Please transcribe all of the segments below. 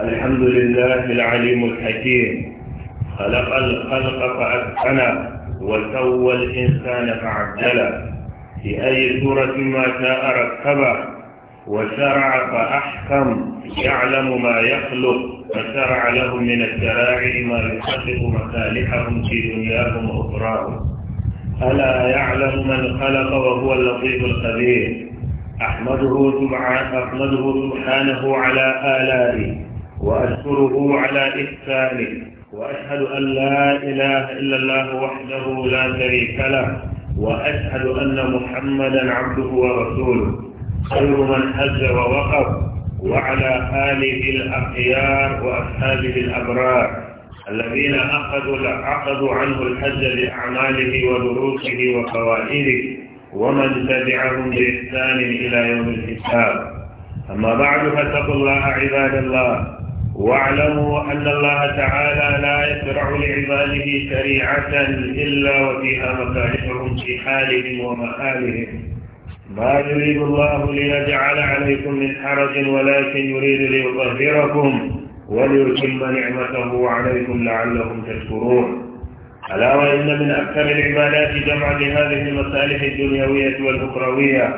الحمد لله العليم الحكيم خلق الخلق فأتقنا وسوى الإنسان فعدلا في أي سورة ما شاء ركبا وشرع فأحكم يعلم ما يخلق فشرع لهم من الشرائع ما يحقق مصالحهم في دنياهم وأخراهم ألا يعلم من خلق وهو اللطيف الخبير أحمده سبحانه, أحمده سبحانه على آلائه وأشكره على إحسانه وأشهد أن لا إله إلا الله وحده لا شريك له وأشهد أن محمدا عبده ورسوله خير من حج ووقف وعلى آله الأخيار وأصحابه الأبرار الذين أخذوا أخذوا عنه الحج لأعماله ودروسه وفوائده ومن تبعهم بإحسان إلى يوم الحساب أما بعد فاتقوا الله عباد الله واعلموا أن الله تعالى لا يشرع لعباده شريعة إلا وفيها مصالحهم في حالهم ومآلهم ما يريد الله ليجعل عليكم من حرج ولكن يريد ليطهركم وليتم نعمته عليكم لعلكم تشكرون ألا وإن من أكثر العبادات جمعا لهذه المصالح الدنيوية والأخروية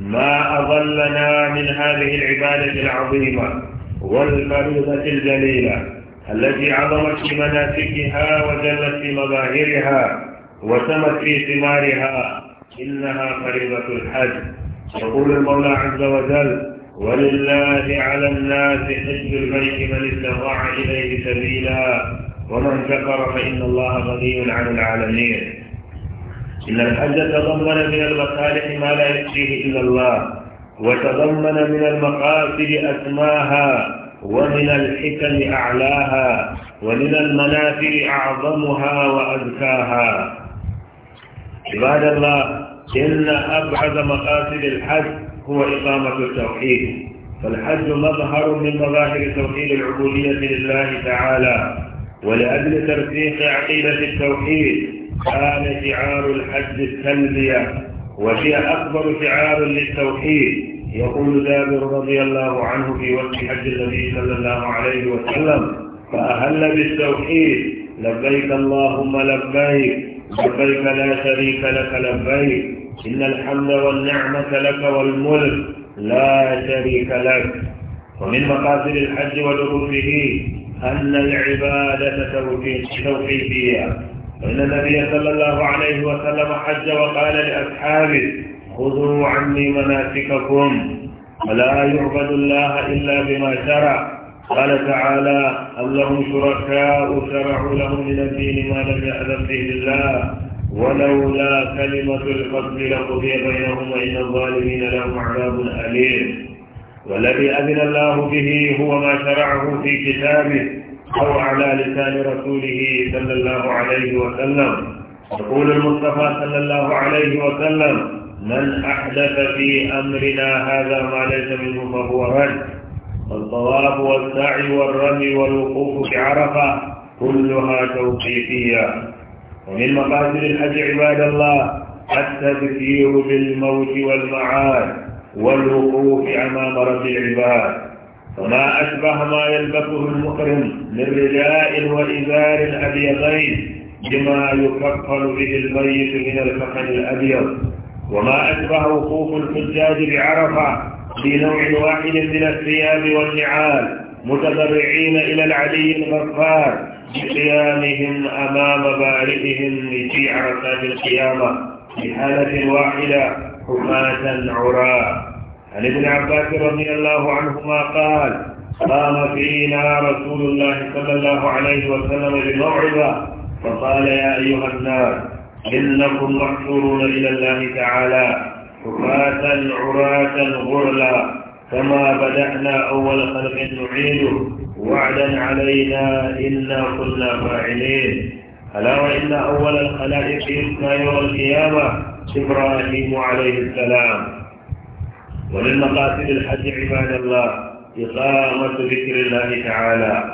ما أضلنا من هذه العبادة العظيمة والفريضة الجليلة التي عظمت في مناسكها وجلت في مظاهرها وسمت في ثمارها إنها فريضة الحج يقول المولى عز وجل ولله على الناس حج البيت من استطاع إليه سبيلا ومن كفر فإن الله غني عن العالمين إن الحج تضمن من المصالح ما لا يكفيه إلا الله وتضمن من المقاصد أسماها ومن الحكم أعلاها ومن المنافع أعظمها وأزكاها عباد الله إن أبعد مقاصد الحج هو إقامة التوحيد فالحج مظهر من مظاهر توحيد العبودية لله تعالى ولأجل ترسيخ عقيدة التوحيد كان شعار الحج التلبية وهي أكبر شعار للتوحيد يقول جابر رضي الله عنه في وقت حج النبي صلى الله عليه وسلم فأهل بالتوحيد لبيك اللهم لبيك لبيك لا شريك لك لبيك إن الحمد والنعمة لك والملك لا شريك لك ومن مقاصد الحج ودروسه أن العبادة توحيدية فإن النبي صلى الله عليه وسلم حج وقال لأصحابه خذوا عني مناسككم ولا يعبد الله إلا بما شرع قال تعالى أم لهم شركاء شرعوا لهم من الدين ما لم يأذن به الله ولولا كلمة القتل لقضي بينهم وإن الظالمين لهم عذاب أليم والذي أذن الله به هو ما شرعه في كتابه أو على لسان رسوله صلى الله عليه وسلم يقول المصطفى صلى الله عليه وسلم من أحدث في أمرنا هذا ما ليس منه فهو رد والطواف والسعي والرمي والوقوف بعرفة كلها توقيفية ومن مقاصد الحج عباد الله التذكير بالموت والمعاد والوقوف أمام رب العباد وما أشبه ما يلبسه المحرم من رداء وإزار أبيضين بما يكفل به الميت من الفخذ الأبيض وما أشبه وقوف الحجاج بعرفة في نوع واحد من الثياب والنعال متبرعين إلى العلي الغفار بقيامهم أمام بارئهم في عرفات القيامة في حالة واحدة حماة عراة عن ابن عباس رضي الله عنهما قال قام فينا رسول الله صلى الله عليه وسلم بموعظة فقال يا أيها الناس إنكم محشورون إلى الله تعالى حفاة عراة غرلا كما بدأنا أول خلق نعيده وعدا علينا إنا كنا فاعلين ألا وإن أول الخلائق يبقى يوم القيامة إبراهيم عليه السلام ومن مقاصد الحج عباد الله إقامة ذكر الله تعالى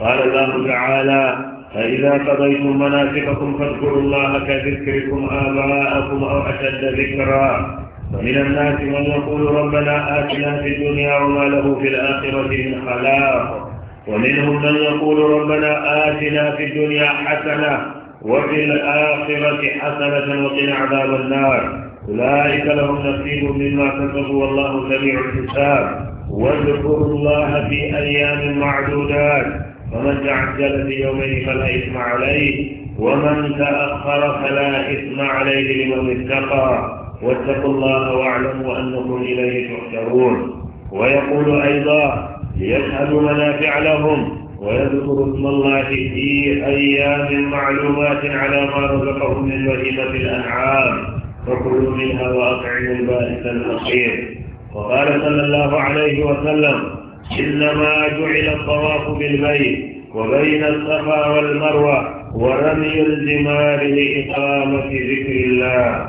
قال الله تعالى فإذا قضيتم مناسككم فاذكروا الله كذكركم آباءكم أو أشد ذكرا ومن الناس من يقول ربنا آتنا في الدنيا وما له في الآخرة من خلاق ومنهم من يقول ربنا آتنا في الدنيا حسنة وفي الآخرة حسنة وقنا عذاب النار أولئك لهم نصيب مما كسبوا والله سميع الحساب واذكروا الله في أيام معدودات فمن تعجل في يومين فلا إثم عليه ومن تأخر فلا إثم عليه لمن اتقى واتقوا الله واعلموا أنكم إليه تحشرون ويقول أيضا ليشهدوا منافع لهم ويذكروا اسم الله في أيام معلومات على ما رزقهم من بهيمة الأنعام فكلوا منها وأطعموا البائس الفقير وقال صلى الله عليه وسلم إنما جعل الطواف بالبيت وبين الصفا والمروة ورمي الزمار لإقامة ذكر الله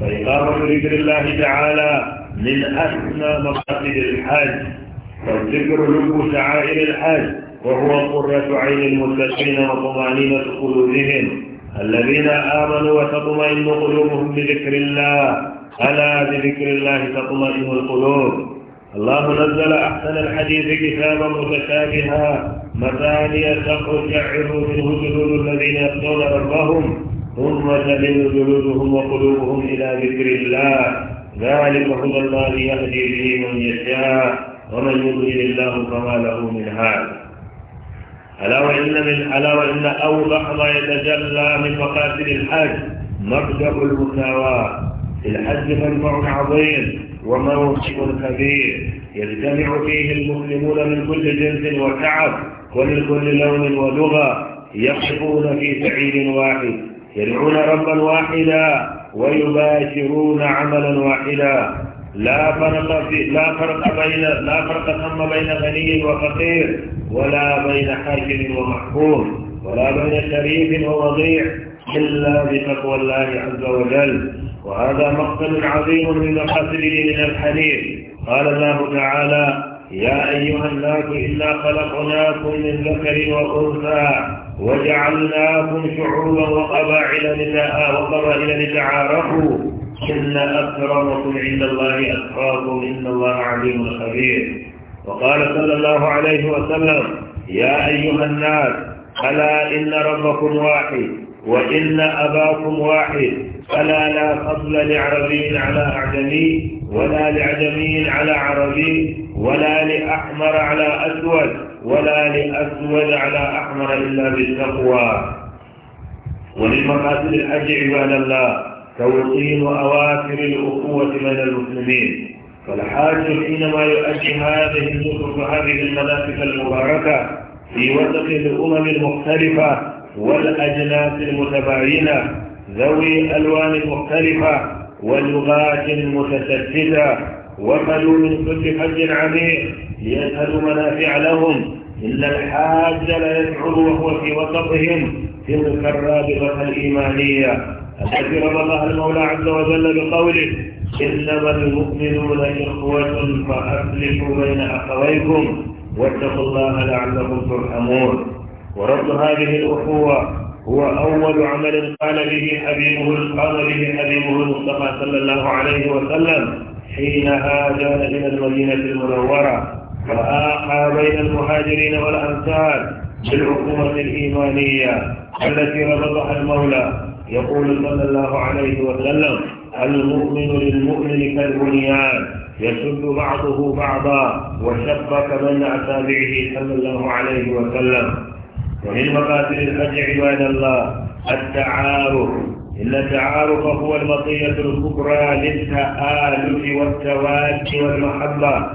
فإقامة ذكر الله تعالى من أثنى مقاصد الحج والذكر لب شعائر الحج وهو قرة عين المتقين وطمأنينة قلوبهم الذين آمنوا وتطمئن قلوبهم بذكر الله ألا بذكر الله تطمئن القلوب الله نزل أحسن الحديث كتابا متشابها مثانية تخشعر منه جلود الذين يخشون ربهم ثم تلين جلودهم وقلوبهم إلى ذكر الله ذلك هدى الله يهدي به من يشاء ومن يضلل الله فما له من هذا ألا وإن من ألا وإن أوضح ما يتجلى من مقاتل الحج مكتب المساواة في الحج مجمع عظيم وموقع كبير يجتمع فيه المسلمون من كل جنس وتعب ومن كل لون ولغة يقفون في سعيد واحد يدعون ربا واحدا ويباشرون عملا واحدا لا فرق في لا فرق بين لا فرق ثم بين غني وفقير ولا بين حاكم ومحكوم ولا بين شريف ووضيع إلا بتقوى الله عز وجل وهذا مقتل عظيم من مقاصده من الحديث قال الله تعالى يا أيها الناس إنا خلقناكم من ذكر وأنثى وجعلناكم شعوبا وقبائل وقبائل لتعارفوا إن أكرمكم عند الله أتقاكم إن الله عليم خبير وقال صلى الله عليه وسلم يا أيها الناس ألا إن ربكم واحد وإن أباكم واحد فلا لا فضل لعربي على أعجمي ولا لعجمي على عربي ولا لأحمر على أسود ولا لأسود على أحمر إلا بالتقوى ومن الحج عباد الله توطين أواخر الأخوة من المسلمين فالحاج حينما يؤدي هذه النصوص هذه المناسك المباركة في وسط الأمم المختلفة والأجناس المتباينة ذوي ألوان مختلفة ولغات متشدده وخلوا من كل حج عميق ليسهلوا منافع لهم إن الحاج لا يشعر وهو في وسطهم تلك الرابطة الإيمانية التي ربطها المولى عز وجل بقوله إنما المؤمنون إخوة فأصلحوا بين أخويكم واتقوا الله لعلكم ترحمون ورد هذه الأخوة هو أول عمل قال به حبيبه قام به حبيبه المصطفى صلى الله عليه وسلم حين هاجر إلى المدينة المنورة وآحى بين المهاجرين والأنصار بالحكومة الإيمانية التي ربطها المولى يقول صلى الله عليه وسلم المؤمن للمؤمن كالبنيان يشد بعضه بعضا وشبك بين أتابعه صلى الله عليه وسلم ومن مقاتل الحج عباد الله التعارف إن التعارف هو المطية الكبرى للتآلف والتواد والمحبة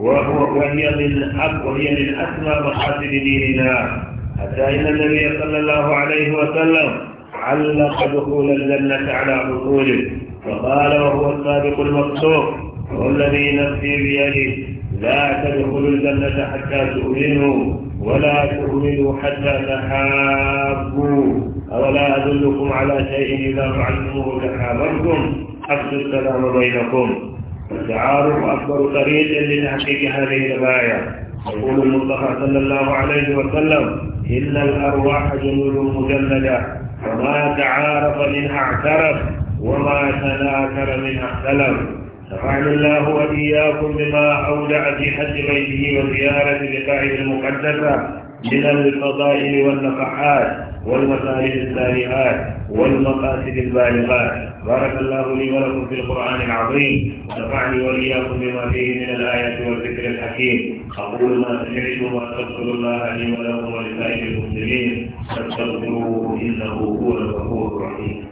وهو وهي من وهي من أسمى ديننا حتى إن النبي صلى الله عليه وسلم علق دخول الجنة على حصوله وقال وهو السابق المقصود والذي نفسي بيده لا تدخلوا الجنة حتى تؤمنوا ولا تؤمنوا حتى تحابوا أولا أدلكم على شيء إذا فعلتموه تحاببتم أفشوا السلام بينكم التعارف أكبر طريق لتحقيق هذه الغاية يقول المصطفى صلى الله عليه وسلم إن الأرواح جنود مجلدة وما تعارف منها اعترف وما تناكر منها اختلف نفعني الله وإياكم بما أودع في حج بيته وزيارة بقاعه المقدسة من الفضائل والنفحات والمسائل السارئات والمقاصد البالغات بارك الله لي ولكم في القرآن العظيم ونفعني وإياكم بما فيه من الآيات والذكر الحكيم أقول ما سمعت وأستغفر الله لي ولكم ولسائر المسلمين فاستغفروه إنه هو الغفور الرحيم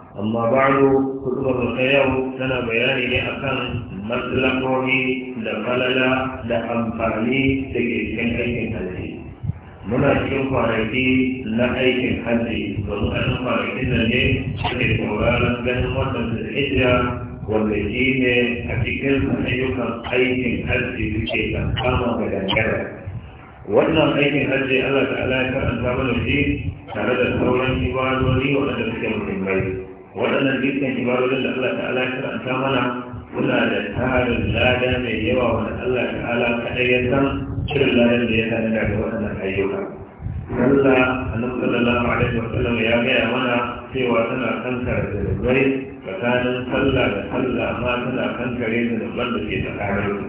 amma ba'du kutubar ta yau tana bayani ne akan matsalakomi da falala da amfani da ke cikin aikin hajji muna cikin kwanaki na aikin hajji domin a cikin kwanakin nan ne suke tsoron ganin wannan zulhijja wanda shi ne a cikin ayyukan aikin hajji suke kankama ga dangara wannan aikin hajji allah ta'ala ya karanta mana shi tare da sauran ibadoni waɗanda suke muhimmai waɗannan dukkan ibarorin da Allah ta'ala ya karanta mana kuna da tarin lada mai yawa wani Allah ta'ala kaɗai ya san cikin ladan da ya tare da ga waɗannan ayyuka Allah nan sallallahu alaihi wa sallam ya gaya mana cewa tana kankar da zai tsakanin sallah da sallah ma tana kankare da zuban da ke tsakanin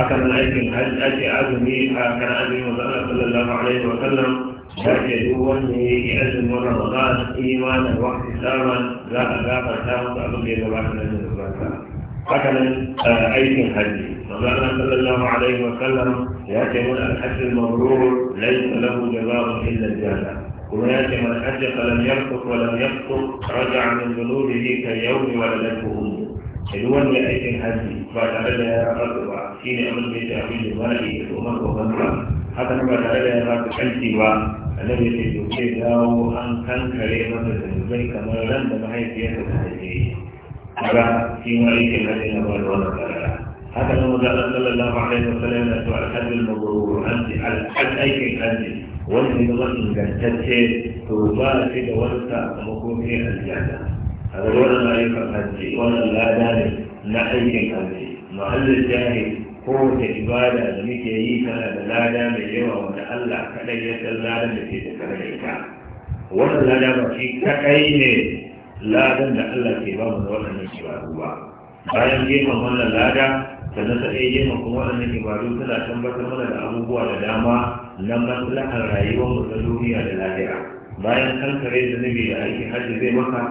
hakan na aikin hajji ake azumi a kan azumi wa sallallahu alaihi wa sallam لكن يقول لي أجل رمضان إيمانا واحتسابا لا أذاق الثامن أبو بيد الله هكذا أيدي الحج فمعنى صلى الله عليه وسلم يأتي من الحج المبرور ليس له جزاء إلا الجنة ويأتي من حج فلم يرفق ولم يسقط رجع من ذنوبه كاليوم ولدته أمه حلوان لأيدي الحج فتعالى يا رب وعسين أمن بتأويل مالي الأمم وغنى haka nan ba tare da ya ba ka kanci ba annabi ya ce to sai dawo an kankare masa zunubai kamar ran da mahaifiyarsa ta haife kaga shi ma yake na da ba da wannan karara haka nan maza Allah sallallahu alaihi wa sallam ya ce al-hajj al-mabrur anti al-hajj aikin hajji wanda ne zama ingantacce to ba shi da wani sakamako sai aljanna a ga wannan ayyukan hajji wannan lada ne na aikin hajji ma'allin jahil Ko kowace ibada da muke yi tana da lada mai yawa wanda Allah kaɗai ya san ladan da ke da kare ita wannan lada ba shi kaɗai ne ladan da Allah ke ba mu da wannan ibadu ba bayan gefen wannan lada sannan ta ɗaya gefen kuma wannan ibadu suna tambatar mana da abubuwa da dama na maslahar rayuwar mu ta duniya da lahira bayan kankare da nabi da aikin hajji zai maka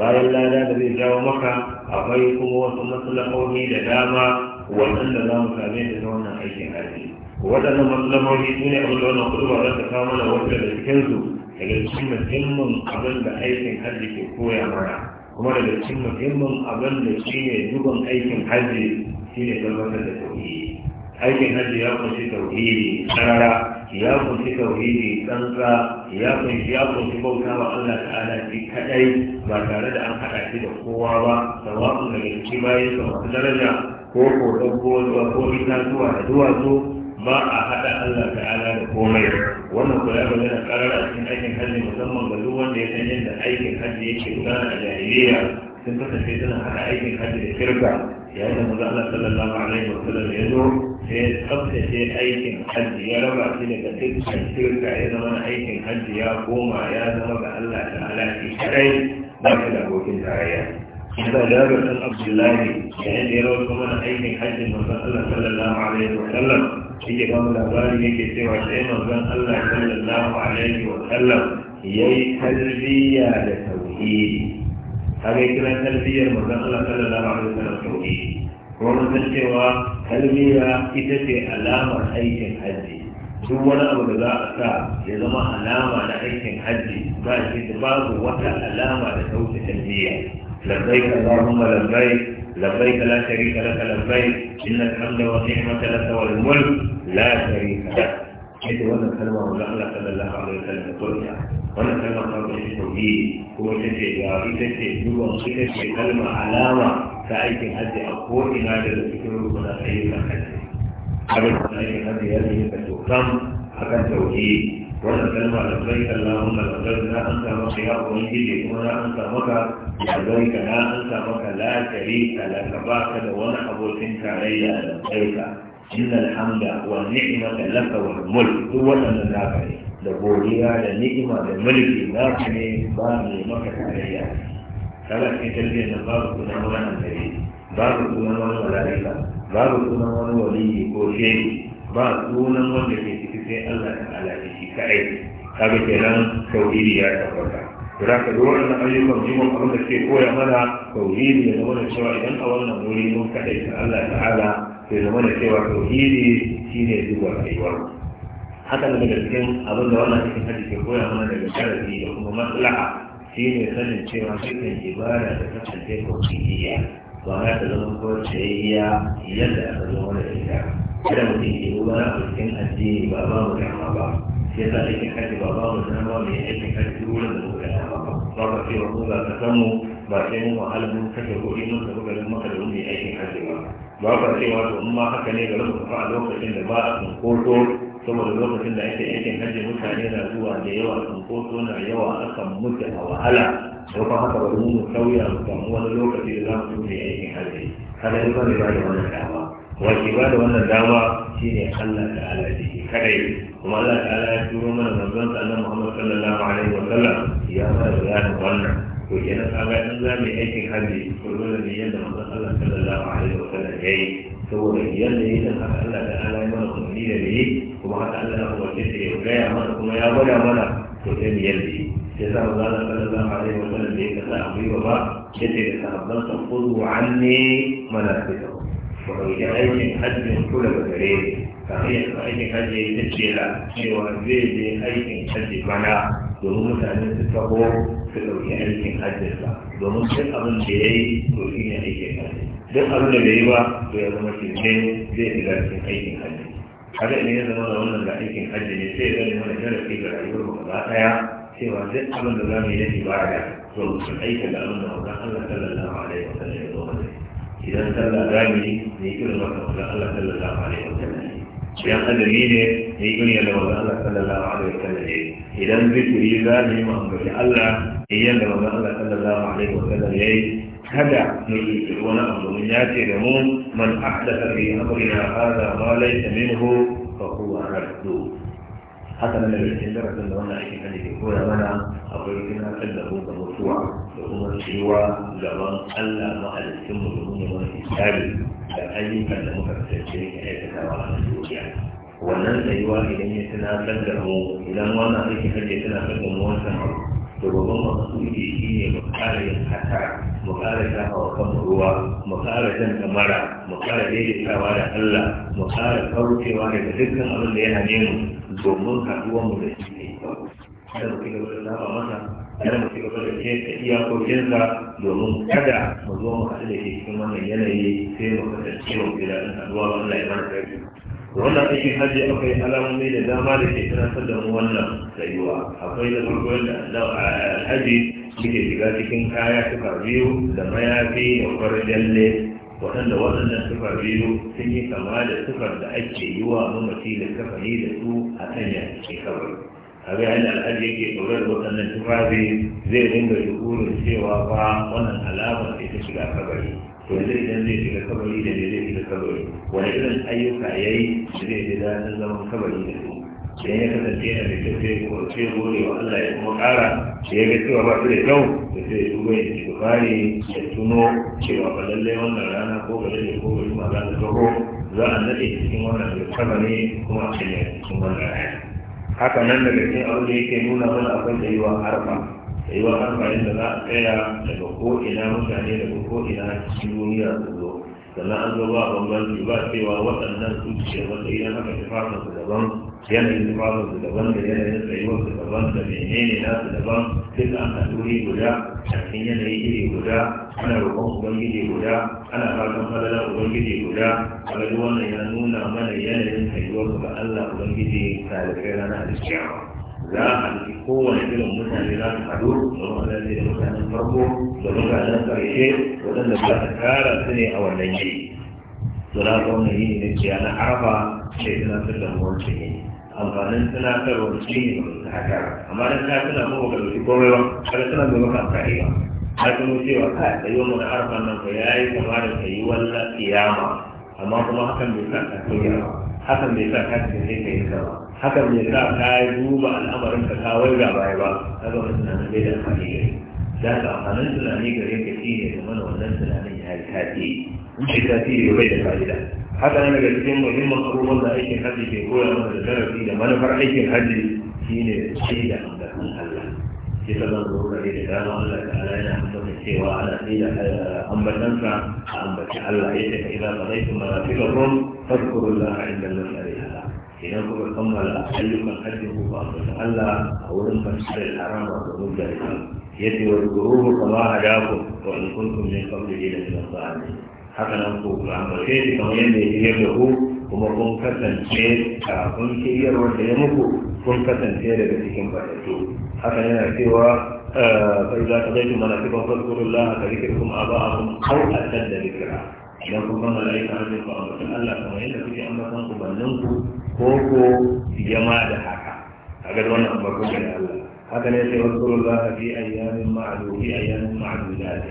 bayan lada da zai jawo maka akwai kuma wasu maslahohi da dama waɗanda za mu same da na wannan aikin haji waɗannan matsalolin su ne abin da wannan kudu ba za ta kawo mana wata da su daga cikin muhimmin abin da aikin haji ke koya mana kuma daga cikin muhimmin abin da shi ne dubban aikin hajji shi ne tabbatar da tauhidi aikin hajji ya kunshi tauhidi tsara ya kunshi tauhidi tsantsa ya kunshi ya kunshi bauta wa Allah ta'ala shi kadai ba tare da an hada shi da kowa ba sawa'un daga cikin bayan sa masu daraja ko ko zuwa ko itatuwa da duwatsu ba a haɗa Allah ta'ala da komai wannan ko ya bayyana karar a cikin aikin hajji musamman ga duk wanda ya san yadda aikin hajji yake gudana a jahiliya sun kasance suna haɗa aikin hajji da shirka yayin da maza Allah sallallahu alaihi wa sallam ya zo sai ya tsaftace aikin hajji ya raba shi daga dukkan shirka ya zama na aikin hajji ya koma ya zama ga Allah ta'ala shi kadai ba shi da abokin tarayya ina da rubutun abdullahi da yan ɗero kuma na aikin hajjin mazan allah sallallahu alaihi wa sallam ke kama labari ne ke cewa sai mazan allah sallallahu alaihi wa ya yi tarbiyya da tauhidi haka yi kiran tarbiyyar mazan allah sallallahu alaihi wa sallam tauhidi kuma mun san ita ce alamar aikin hajji duk wani abu da za a sa ya zama alama na aikin hajji za a da babu wata alama da kauce tarbiyya labbai ka za kuma labbai labbai ka la sharika laka labbai inna alhamda wa ni'mata laka wal mulk la sharika lak ita wannan kalma wanda Allah sallallahu alaihi wasallam ya koya wannan kalma ta ba shi tauhidi kuma ita ce ga ita ce duba ita ce kalma alama ta aikin hajji a ko ina da cikin rukunin ayyukan hajji abin da ne na biyar ne ka tokan akan tauhidi wannan kalma da bai Allahu na ladar na an ta maka ya ubangiji kuma na an ta maka ya zai ka na an maka la tarika la ka ba ka da wani abokin tarayya da kai ka innal hamda wa ni'mata laka wal mulk duk wannan naka ne da godiya da ni'ima da mulki naka ne ba ne maka tarayya kala ke talbiyar nan babu kuna wani annabi babu kuna wani malaika babu sunan wani waliyi ko shehu ba sunan wanda ke ciki sai Allah ta ala da shi kaɗai kaga kenan tauhidi ya tabbata da ka duk wannan ayyukan jima abin da ke koya mana tauhidi ya zama cewa idan a wannan wuri mun kaɗai ta Allah ta'ala sai zama da cewa tauhidi shine zuwa rayuwar haka daga cikin abin da wannan cikin ke koya mana daga sharafi da kuma maslaha shine sanin cewa cikin ibada da kasance tauhidiyya ba ta zama kawaciyayya yadda aka zama da ita kada mu ya yi wani abu cikin addini ba ba mu dama ba sai sa aikin kaji ba ba mu dama mai aikin kaji wurin da muka dama ba ba ka cewa ko ba ka samu ba sai mu wahala mun kashe kuɗi mun tafi garin maka da wani aikin kaji ba ba ka cewa to in ma haka ne ga mu fa a lokacin da ba a cunkoso da lokacin da ake aikin hajji mutane na zuwa da yawa cunkoso na yawa kan mutu a wahala da kuma haka bari mu sauya mu samu wani lokaci da za mu tuni aikin hajji kada ya bari da wannan dama Wace ba da wannan dama shine Allah ta'ala da ke kadai kuma Allah ta'ala ya turo mana manzon sa Allah Muhammad sallallahu alaihi wa sallam ya mana yaran wannan to kenan kaga in za mu aikin hajji ko dole ne yadda manzon Allah sallallahu alaihi wa sallam yayi saboda yanayi da haka Allah da ala mana umarni da ne kuma haka Allah na umarni da ya gaya mana kuma ya gwada mana to sai mu yadda yi sai sa maza na kada za a rai wannan da ya kasa a gwiwa ba ya ce da sahabban sa kudu an ne mana fita ku ɗauki aikin hajjin kula da gare kafin ya sa aikin hajji ya ce la cewa zai je aikin hajji mana domin mutane su taho su ɗauki aikin hajjinsa domin duk abin da ya yi to shi ne aikin hajji duk abin da bai yi ba to ya zama shirme zai shiga cikin aikin hajji haka ne ya zama da wannan da aikin hajji ne sai ya zama da sharafi ga rayuwar mu gaba daya cewa duk abin da za mu yi na da. to mu aikin da abin da wanda Allah sallallahu alaihi wa sallam ya zo mana idan sallah za yi ne irin wannan wannan Allah sallallahu alaihi wa sallam idan azumi ne ya yi irin yadda wanda Allah sallallahu alaihi wa sallam ya idan zikiri za mu yi mu ambaci Allah ne yadda wanda Allah sallallahu alaihi wa sallam ya yi هدى من يجدون أظلميات لهم من أحدث في أمرنا هذا ما ليس منه فهو مردود حسنا من الاسم درس لنا في هذه الكورة منا أبريدنا كله بمرفوع لهم الشيوى زمان ألا ما الاسم لهم من الإسلام لأي أن مفسر شيء يتساوى على مسؤولية وننسى يوالي ان يتنا كله إلى ما نعرف هل يتنا كله موسى معروف to babban maksudi shi ne mu kara yin hasara mu kara shafa wa kanmu ruwa mu kara jan kamara mu kara daidaitawa da Allah mu kara kaucewa daga dukkan abin da ya hane mu domin karuwa mu da shi ne kada mu ci gaba da saba masa kada mu ci gaba da keta iyakokinsa domin kada mu zo mu haɗu da shi cikin wannan yanayi sai mu kasance mu fi daɗin haɗuwa Allah ya mana sarki wannan aikin hajji akwai alamomi da dama da ke tunatar da mu wannan rayuwa akwai da farko yadda alhaji suke shiga cikin kaya suka biyu da mayafi da farin jalle waɗanda waɗannan suka biyu sun yi kama da sufar da ake yi wa mamaci da kafani da su a sanya cikin kawai kaga yadda alhaji yake ɗaure da waɗannan tufafi zai dinga shukurin cewa fa wannan alamar ce ta shiga kabari to yanzu idan zai shiga kabari da zai shiga kabari wani irin ayyuka ya yi zai ji daɗin zaman kabari da su idan ya kasance yana da kyau ko sai gode wa Allah ya kuma ƙara shi ya ga cewa ba su da kyau da sai ya duba ya ci bukari ya tuno cewa ba lallai wannan rana ko ba lallai ko ba ma za ta taho za a naɗe cikin wannan da kabari kuma a cikin wannan rana haka nan daga cikin abin da yake nuna mana akwai da yi wa harfa da yi wa amfani da za a tsaya daga ko'ina mutane daga ko'ina cikin duniya su zo sannan an zo ba bambanci ba cewa waɗannan su ce wata idan haka tufafin su daban yanayin tufafin su daban da yanayin tsayuwar su daban da menene na su daban duk an haɗu wuri guda cikin yanayi iri guda ana roƙon ubangiji guda ana fatan falalar ubangiji guda a duk wannan ya nuna mana yanayin tsayuwar su ga Allah ubangiji ta da kai ranar za a ɗauki kowane irin mutane za su haɗu domin waɗanda da mutanen farko da mutanen ƙarshe waɗanda za a tara su ne a wannan yini to na ga wannan yini na ciya na arafa sai suna sun da wancan yini amfanin tunatarwa shi ne ba su haka amma da ka suna mu ba ka ɗauki komai ba kada suna da kan amfani ba Na kuma cewa ka da yi na arafa nan ko ya yi kama da yi tsayuwar kiyama amma kuma hakan bai sa ka tsaye hakan bai sa ka tsaye ka yi ba hakan ne sa ka duba al'amarin ka ka waiga baya ba ka ga wani tunanin bai da amfani gare za ka amfanin tunani gare ka shi ne da mana wannan tunanin ya yi tasiri in ce tasiri bai da fa'ida haka nan daga cikin muhimman abubuwan da aikin hajji ke koya mana da darasi da manufar aikin shi ne shi da amfanin Allah shi ka zan zo kare da dama Allah ta ala yana ambata cewa ana sai da ambatansa a ambaci Allah ya ce ka idan ba zai tuma da filarun fadkurullah inda nasari idan kuka kammala ayyukan hajjin ku ba ga Allah a wurin masjidil haram ba ga mujahidi yace wa guru kama hadaku wa in kuntum min qablihi la tasani haka nan ku ku ambace shi kamar yadda ya yi da ku kuma kun kasance a kafin shiryar wanda ya muku kun kasance daga cikin fatattu haka yana cewa fa idza qadaytum manasikakum a ka dhikrikum a can da dhikra idan ku ga malaika an ku ambaci Allah kamar yadda kuke ambatan ubannin ku ko ko yama da haka kaga da wannan ambaton da Allah haka ne sai wasu Allah fi ayyamin ma'lumi ayyamin ma'lumat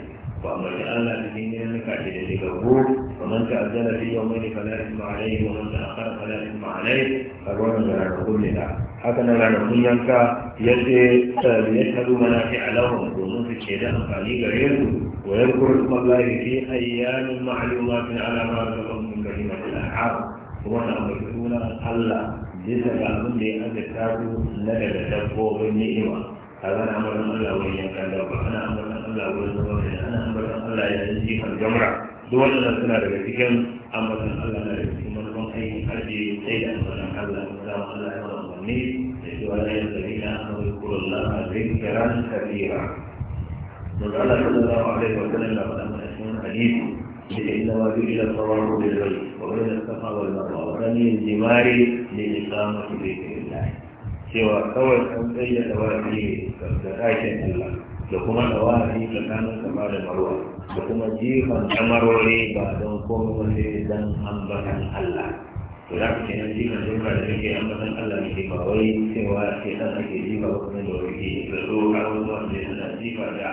وأما الآن بدين منك عجل تكبر ومن تأذن في يومين فلا إثم عليه ومن تأخر فلا إثم عليه فالوانا لا نقول لها هكذا لا نقول لك يشهدوا منافع لهم ومن في الشهداء فعلي غيره ويذكر اسم الله في أيام معلومات على ما رزقهم من كلمة الأحعاب ومن أمرتون الله جزء من لأن الكافر لك تبقوا بالنئمة kaga na ambaton Allah wurin yankan dabba ana ambaton Allah wurin sababai ana ambaton Allah ya san jifan jamra duk wannan suna daga cikin ambaton Allah na daga cikin manufan aikin hajji sai da ambaton Allah da Allah ya wani wani da shi wani ya zari na ambaton kurullah a zikiran kabira. Daga Allah sallallahu wa da da mana cikin hadisi cewa kawai an tsayyada wajibi da ɗakin Allah da kuma da wajibi tsakanin sama da marwa da kuma jifan kamarori ba don komai wani don ambatan Allah to za ku kenan jifan doka da take ambatan Allah ne ba wai cewa ke ɗan ake jifa ba kuma da wani ke da doka wanda da yana jifa da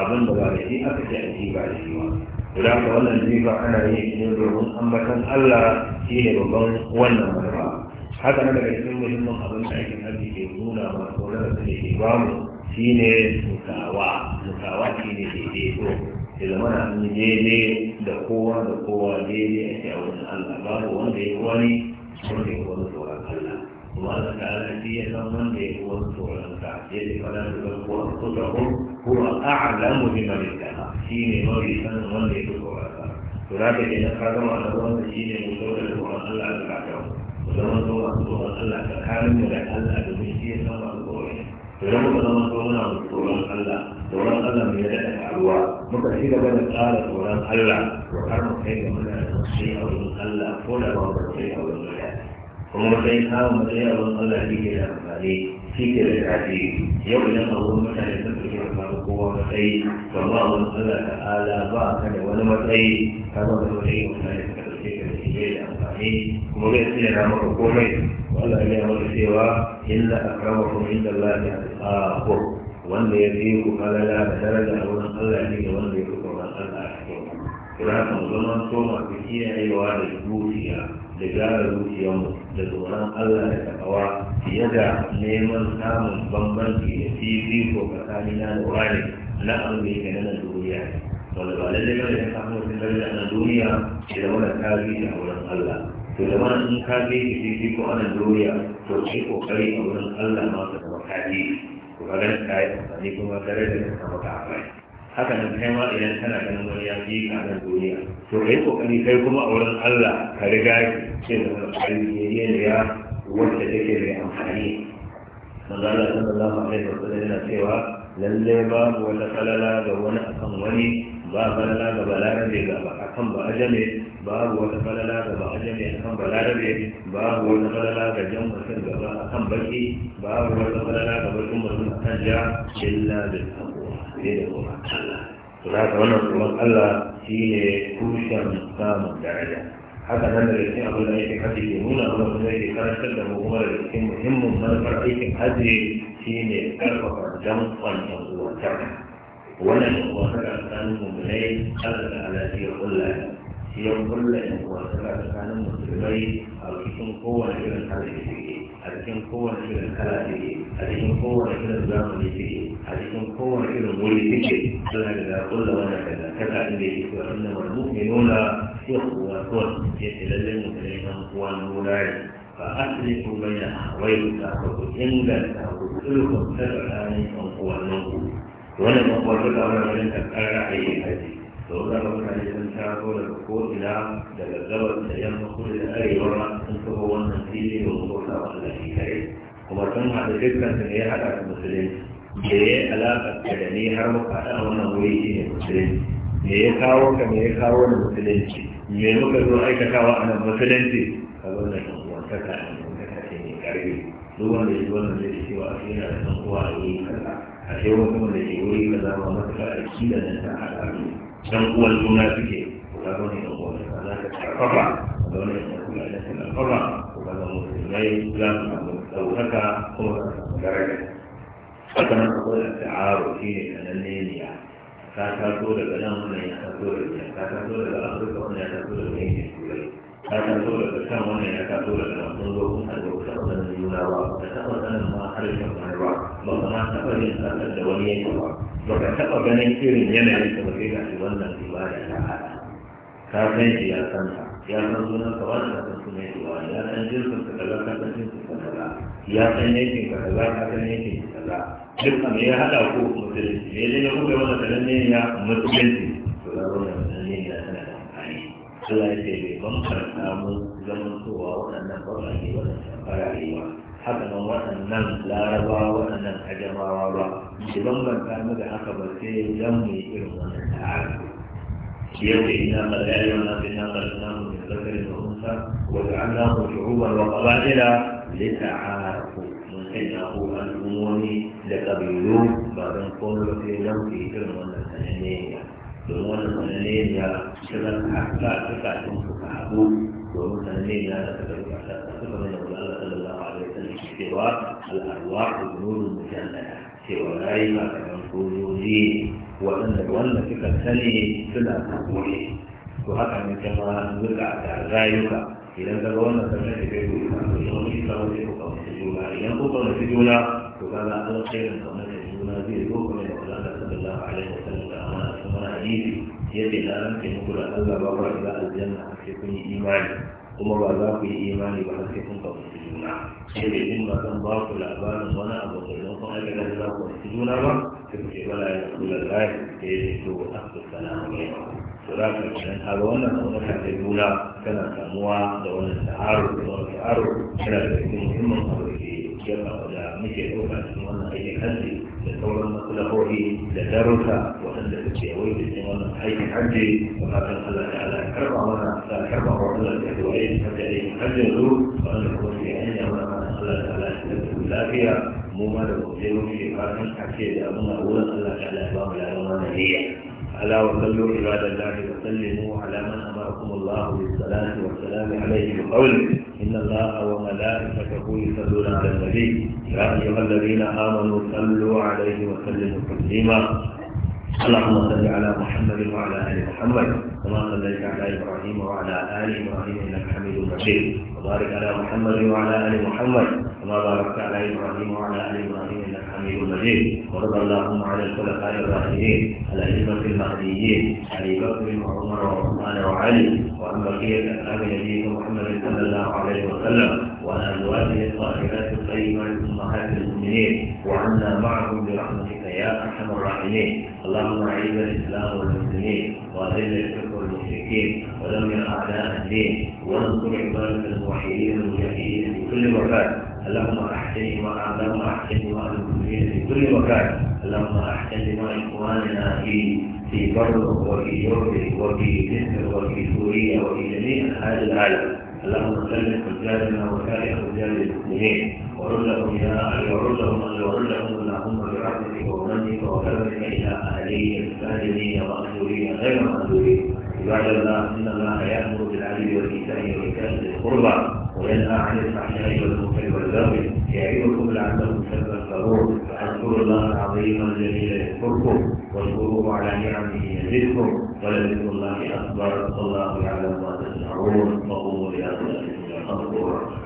abin da ba da shi aka ce a jifa da shi ba za da wannan jifa ana yin ne domin ambatan Allah shi ne babban wannan marwa haka nan daga cikin muhimmin abin da aikin hajji ke nuna wa ko da su ne ke bamu shine mutawa mutawa shine daidaito ya zama na an daidai da kowa da kowa daidai a wurin Allah babu wanda ya wani wanda ya wani tsoron Allah kuma Allah ta ala shi ya san wanda ya wani tsoron ka ya ce fara da zarko a kusa ko kuma a'lamu bi malika shine mafi sanin wanda ya fi tsoron ka to za ka je na kaga ma'anar wanda shine mutum da tsoron Allah da ka zama zo masu tsoron Allah ka kare mu da Allah domin shi ya san masu tsoron to zama ka zama zo muna masu tsoron Allah tsoron Allah mai daɗa karuwa muka ci gaba da tsara tsoron Allah to har mu kai ga muna da sai a wurin Allah ko da ba mu kai a wurin Allah kuma matsayin kawo matsayin a wurin Allah shi ke da amfani shi ke da daɗi yau idan a wurin mutane sun fi kira kawo kowa matsayi to ba wurin Allah ta'ala ba ka da wani matsayi ka ba da matsayi mutane ne kuma zai tsira maka komai wanda ya maka cewa kama kuma inda lafi a ko wanda ya fi ku halala da daraja a wurin Allah ne ga wanda ya fi kauran Allah a cikin kira kan zaman so masu kiyayewa da zuciya da gyara mu da tsoron Allah da takawa fiye da neman samun bambanci da fifiko ko da wani na abu da yake na duniya wanda ba lallai ba ne ka samu wata daraja na duniya ke da wani kari a wurin Allah to da wani in ka je ki fifi ko ana duniya to ki kokari a wurin Allah ma ka zama kari to ka gani ka yi amfani kuma daraja ka samu ka amai haka nan kai ma idan kana ganin wani ya ji ka nan duniya to yi kokari kai kuma a wurin Allah ka riga ki ce da wani kari ne ne ya wanda take mai amfani manzo Allah sallallahu alaihi wasallam yana cewa lalle babu wata falala ga wani akan wani ba falala ga balarabe ga akan ba ajame babu wata falala ga ba ajame akan balarabe babu wata falala ga jan mutum gaba akan baki babu wata falala ga bakin mutum akan ja illa da taqwa sai da kuma Allah to za ka wannan tsoron Allah shi ne tushen samun daraja haka nan da cikin abin da yake kaji ke nuna wani kuma yake karantar da mu kuma da cikin muhimmin manufar aikin hajji ne karfafa dan zuwa uwa wannan yan uwa saka tsakanin mummunai Allah ta ala shi ya kulla shi ya kulla yan uwa tsakanin musulmai a cikin kowane irin hali da suke a cikin kowane irin kala suke a cikin kowane irin zamani suke a cikin kowane irin wuri suke Allah da ya kulla wannan kaza kaza inda yake cewa inna wal mu'minuna ikhwatun yace lalle mu'minai yan uwa nuna ne فأسلكوا بين أخويك فإن لم تكن تلك السبع من قوى النور wannan makwai duk da wani wajen karkar ra'ayi haji da wuta ga mutane sun da daga ko'ina daga gabas da yan kudu da arewa ma sun kafa wannan fili da wuta wa Allah shi kare kuma sun haɗa dukkan su ne ya haɗa da musulunci da ya yi alaƙa da ni har muka haɗa wannan wuri shi ne musulunci me ya kawo ka me ya kawo da musulunci me muka zo aikatawa a nan musulunci ka zo da kan uwantaka a nan uwantaka ce mai ƙarfi duk wanda ya zo wannan zai ce wa a yana da kan uwa a yi kaza a ce mutumin da ke wuri ka zama matuƙa a kila da ta haɗa dan uwan juna suke ko ka zo ne da uwan ka za ka karfafa ka zo ne da kuma da karfafa ko ka zama musulmai za su samu ɗaukaka kuma ka samu daraja haka akwai da shi ne kananne ne ka taso daga nan wannan ya taso da can ka taso daga afirka wannan ya taso da yankin turai ka taso daga can wannan ya taso daga nan mun zo kun haɗu ka taɓa sanin juna ba ka taɓa sanin ma harshen wani ba ba ka ma taɓa yin sasar da wani yanki ba ba ka taɓa ganin irin yanayin da ba sai ga shi wannan ibada ta haɗa ka san shi ya san ta ya san sunan ka ba ka san sunan shi ba ya san jinsin ka kaza ka san jinsin ka kaza ya san yankin ka kaza ka san yankin ka kaza duk me ya haɗa ko musulunci ne dai ya kuka wani ne ya musulunci to ya wani ne ya tana da amfani Allah ya ce bai bambanta mu zamantowa waɗannan baƙaƙe waɗannan farare ba haka nan waɗannan larabawa waɗannan ajamawa ba bai bambanta mu da haka ba sai yan mu irin wannan ta'aruf يبقى إنا قلالنا بنا قلناه من ذكر وأنثى وجعلناه شعوبا وقبائل لتعارفوا من إنه الأمم لقبيلون بعد قول في لم في كرم الثانية domin sananne da shirin haka suka cin suka haɗu domin sananne da suka yi kasa suka zama da Allah sallallahu alaihi wasallam cewa al'arwa da nurun mujallada cewa rayuwa kamar sojoji waɗanda wanda suka sani suna kakuri to haka ne kama zuka da rayuka idan ka ga wannan sannan da kai kuma to yau shi ka wani ko ka wani juna idan ko ka wani juna to kaga an kai da wannan juna zai zo kuma da Allah sallallahu alaihi wasallam hadisi ya yadda na rantse muku da Allah ba ba za aljanna sai kun yi imani kuma ba za ku yi imani ba har sai kun kaunaci juna sai da yin ba zan ba ku labarin wani abu da don kuma aika da za ku kaunaci juna ba sai ku ce bala ya rasu da zai da ya ce to a su salamu ne to za ka ce a ga wannan kaunata da juna tana samuwa da wannan ta'aro da wannan ta'aro tana da cikin muhimmin abu da ke yaba da muke ɗauka cikin wannan aikin kansu jawabi da daruka waɗanda suke yawai da cikin wannan aikin hajji da fatan Allah ta ala karɓa mana ta karɓa wa Allah da yawa yin hajji aikin hajjin su waɗanda kuma suke hanya mana mana Allah ta ala ta da lafiya mu ma da kuma zai wuce fatan ake da muna wurin Allah ta ala ba mu da mana niyya ألا وصلوا عباد الله وسلموا على من أمركم الله بالصلاة والسلام عليه بقوله إن الله وملائكته يصلون على النبي يا أيها الذين آمنوا صلوا عليه وسلموا تسليما اللهم صل على محمد وعلى ال محمد كما صليت على ابراهيم وعلى ال ابراهيم انك حميد مجيد وبارك على محمد وعلى ال محمد كما باركت على ابراهيم وعلى ال ابراهيم انك حميد مجيد ورضى اللهم عن الخلفاء الراشدين على الأئمة المهديين أبي بكر وعمر وعثمان وعلي وعن بقية أصحاب نبينا محمد صلى الله عليه وسلم وعن أزواجه الطاهرات الطيبات أمهات المؤمنين وعنا معهم برحمتك يا أرحم الراحمين اللهم أعز الإسلام والمسلمين وأذل الشرك والمشركين ودمر أعداء الدين وانصر عبادك الموحدين المجاهدين في كل مكان اللهم احسن اللهم احسن المسلمين في كل مكان اللهم احسن اخواننا في في بر وفي جرد وفي مصر وفي سوريا وفي جميع انحاء العالم اللهم سلم حجاجنا وكاره حجاج المسلمين وردهم يا وارد لهم وارد اللهم برحمتك ومنك وكرمك الى اهلي الساجدين ومأجورين غير مأجورين عباد الله إن الله يأمر بالعدل والايتاء وإيتاء ذي القربى وينهى عن الفحشاء والمنكر والبغي يعظكم لعلكم تذكرون فاذكروا الله العظيم الجليل يذكركم واشكروه على نعمه يزدكم ولذكر الله أكبر والله يعلم ما تسمعون تصنعون يا بأذنكم يرحمكم